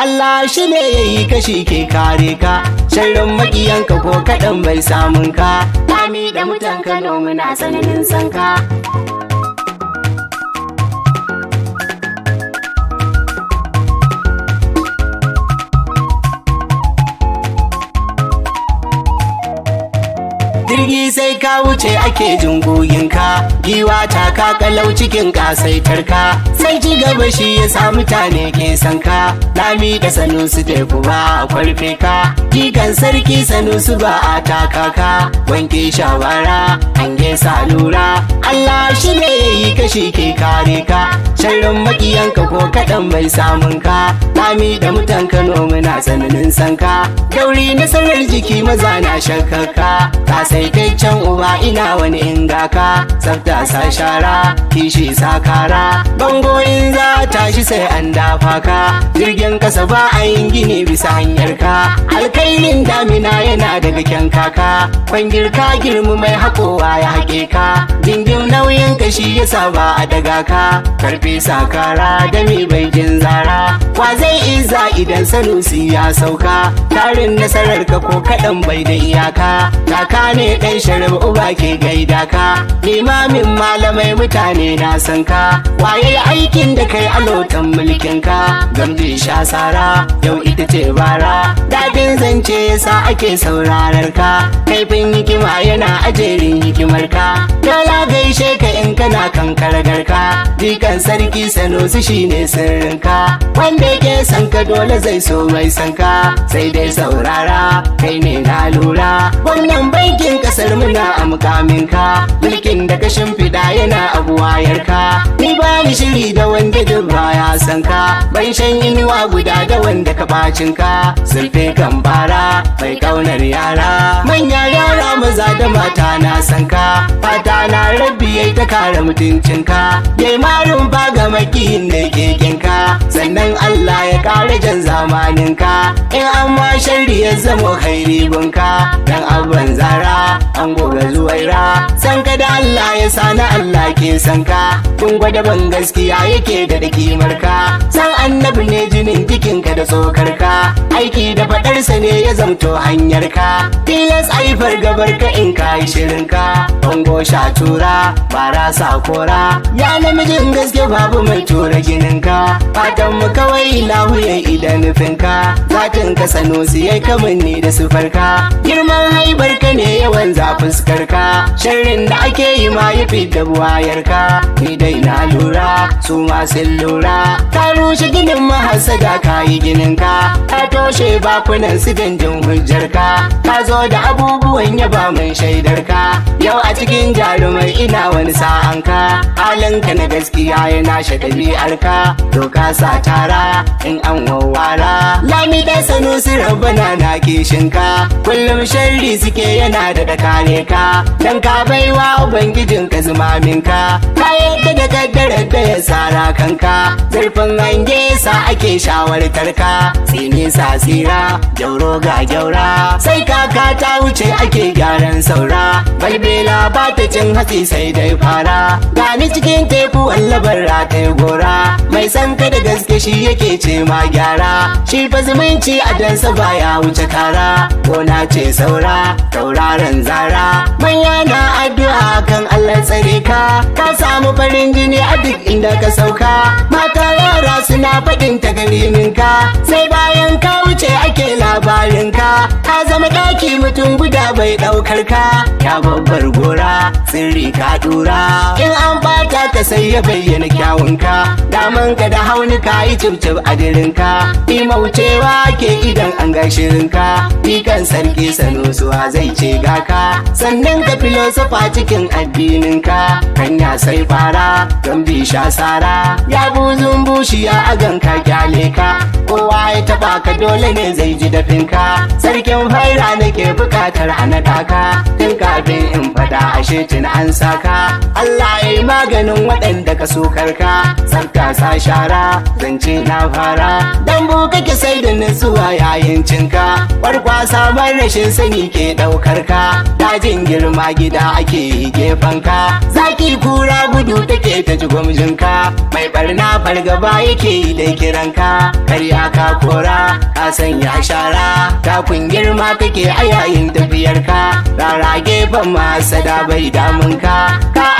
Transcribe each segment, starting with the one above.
Allah shi ne ya yi kashi ke kare ka, sharrin makiyanka ko kaɗan bai samun ka, lami da mutan Kano muna sanin sanka. sai ka wuce ake jin goyinka giwa ta ka kalau cikin kasaitarka sai ci gaba shi ya sa mutane ke san ka lami da su da kuma a kwarfe ka jikan sarki su ba a taka ka wanke shawara ange salura Allah shi ne yi kashi ke kare ka sharrin makiyanka ko kaɗan mai samun ka lami da mutan Kano muna tsananin sanka dauri nasarar jiki maza na shakkaka ka sai kai can uba ina wani ingaka tsafta sa shara kishi sa kara bango za tashi sai an dafa ka jirgin kasa ba a yin gini bisa hanyar ka alkailin damina yana daga kyan kaka kwangir ka girma mai hakowa ya haƙe ka dingin nauyin kashi ya saba a daga ka karfe sakara da mai jin zara kai iza idan sanusi ya sauka tarin nasarar ka ko kaɗan bai da iyaka kaka ne ɗan sharif uba ke gaida ka limamin malamai mutane na san ka waye aikin da kai alotan mulkin ka gamji sha sara yau ita ce bara dadin zance yasa ake saurarar ka kaifin hikima yana ajerin hikimar ka dala gaishe ka in kana kan garka jikan sarki sanusi shine ka wanda yake mai sanka dole zai so mai sanka sai dai saurara kai ne na lura wannan bankin kasar muna a mukamin ka mulkin da ka shimfida yana ka ni ba ni shiri da wanda duk baya sanka ban shan inuwa guda da wanda ka ka zurfe kan bara mai kaunar yara manya yara maza da mata na sanka fata na rabbi yayi ta kare mutuncinka yayi marun ba ga makiyin ne kekenka sannan ka in an ma shari ya zama khairi bunka dan abban zara an goga zuwaira san ka da Allah ya sani Allah ke san ka kun gwada ban gaskiya yake da da kimar ka san annabi ne jinin cikinka da tsokar ka aiki da faɗarsa ne ya zamto hanyar ka tilas ai fargabar ka in ka yi shirin ka bango sha tura bara sa kora ya namijin gaske babu mai tura ginin ka fatan mu kawai lahuyan idan nufin ka zatin ka sano su yai ni da sufar ka girman haibar ka ne yawan zafin fuskar ka sharrin da ake yi ma ya da buwayar ka ni dai na lura su ma sun lura ka rushe ginin mahasada ka yi ginin ka ka toshe bakunan su danjin hujjarka ka zo da abubuwan yaba mun shaidarka yau a cikin jarumai ina wani sa'anka halinka na gaskiya yana shi ɗabi'arka to ka sa tara in an wawara lami da sanusi rabbana na kishinka kullum sharri suke yana da ne ka dan ka baiwa ubangijin ka zumaminka ka yadda da kaddarar da ya sara kanka zurfin hange sa ake shawartarka tsini sa tasira tsira gyauro ga gyaura sai kaka ta wuce ake gyaran saura balbela ba ta cin hatsi sai dai fara gani cikin teku wallabar ratai gora mai san ka da gaske shi yake ce ma gyara shi fa zumunci a dansa ya wuce kara gona ce saura tauraron zara manya na addu'a kan Allah tsare ka ka samu farin jini a duk inda ka sauka mata yara suna faɗin ta gari shi mutum guda bai ɗaukar ka ya babbar gora tsiri ka dura in an bata ka sai ya bayyana kyawunka daman ka da hauni ka yi cibcib a dirinka Ni maucewa ke idan an ga gashirinka kan sarki sanusuwa zai ce gaka sannan ka filosofa cikin addininka hanya sai fara don bi sha sara ya buzun bushiya a ganka kyale ka ta taba dole ne zai ji dafinka sarkin faira nake bukatar ana taka tun kafin in fada a shetin an saka Allah ya maganin waɗanda ka so karka sarka sa shara zance na fara kai da nutsuwa yayin cinka kwarkwasa bar rashin sani ke ɗaukar ka dajin girma gida ake yi gefen ka zaki kura gudu take ta ji gwamjinka mai barna fargaba yake yi da kiranka karya ka kora ka sanya shara takun girma kake a yayin tafiyarka rara gefen masada bai damun ka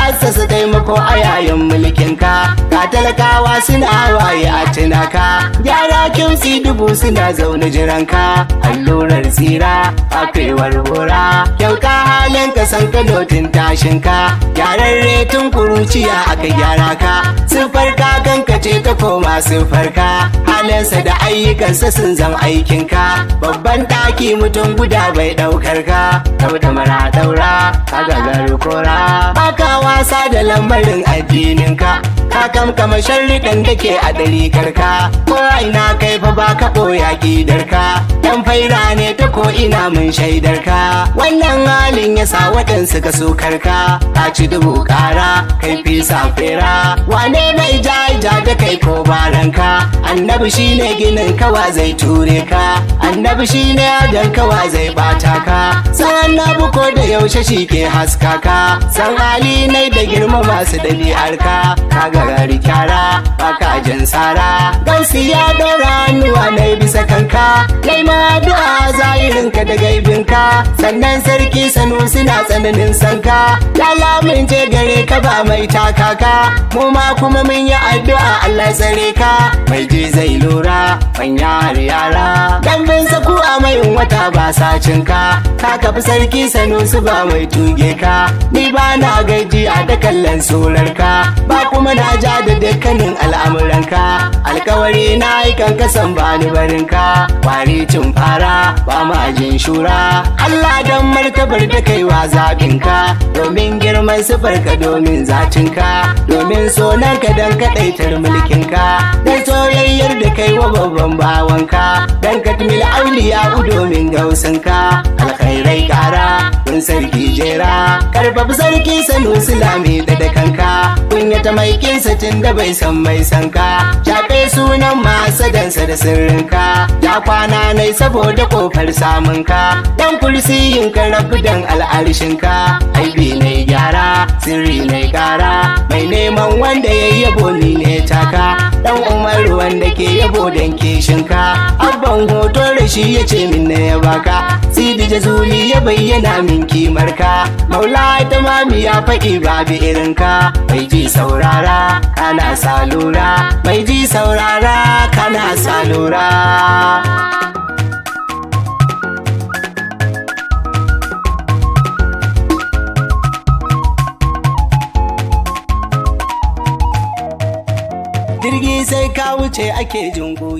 assasa taimako a yayin mulkinka ka talakawa suna waye a tunaka gyara kimsi dubu abu suna zaune jiran ka. allurar tsira a kaiwar Kyauta halin ka halin ka san kanotin tashinka gyaran tun kuruciya aka gyara ka sufar ka kanka ce ta koma sufar ka halinsa da ayyukansa sun zan aikin ka. babban taki mutum guda bai ɗaukar ka kauta mara daura, ka gagaru kora baka wasa da lambarin addininka ka kamkama sharriɗan da ke a dalikar ka ko aina kai fa so ya ka ɗan faira ne ko ina mun shaidar ka wannan halin ya sa waɗansu ka sokar ka ci dubu ƙara kai fi safera wane mai ija ja da kai ko baranka annabi shine ginin kawa zai ture ka annabi shine adon kawa zai bata ka san annabi ko da yaushe shi ke haska ka san hali nai da girma masu ɗabi'ar ka ka gari kyara baka jin tsara gausi ya ɗora hannuwa na bisa kanka kai ma du'a za ilinka da gaibinka sannan sarki sanusi na tsananin sanka lala mun je gare ka ba mai takaka mu ma kuma mun yi addu'a Allah tsare ka mai ji zai lura manya yara dan saku a mai wata ba sacin ka ka kafi sarki sanusi ba mai tuge ka ni ba na gaji a da kallon ka ba kuma na ja da dukkanin al'amuranka alkawari na yi kankasan bani ni ka ware cin fara ba majin shura Allah don martabar da kaiwa ka, domin girman sifarka domin ka, domin sonanka don kaɗaitar ka, da soyayyar da kaiwa babban bawanka barkat ya auliya domin gausanka alkhairai kara kun sarki jera karbab sarki sanu sulami da da kanka kunyata mai kinsa tun da bai san mai sanka ja kai sunan masa dansa da sirrinka ya kwana nai saboda kofar samunka dan kursiyin ka rabu dan al'arshinka aibi nai gyara sirri nai kara mai neman wanda ya yabo ni ne taka dan umaru wanda ke yabo dan kishinka shi ya ce min na ya baka sidi jazuli ya bayyana min kimar ka maula ta mami ya faɗi babu irin ka mai ji saurara kana salura mai ji saurara kana salura jirgi sai ka wuce ake jungu.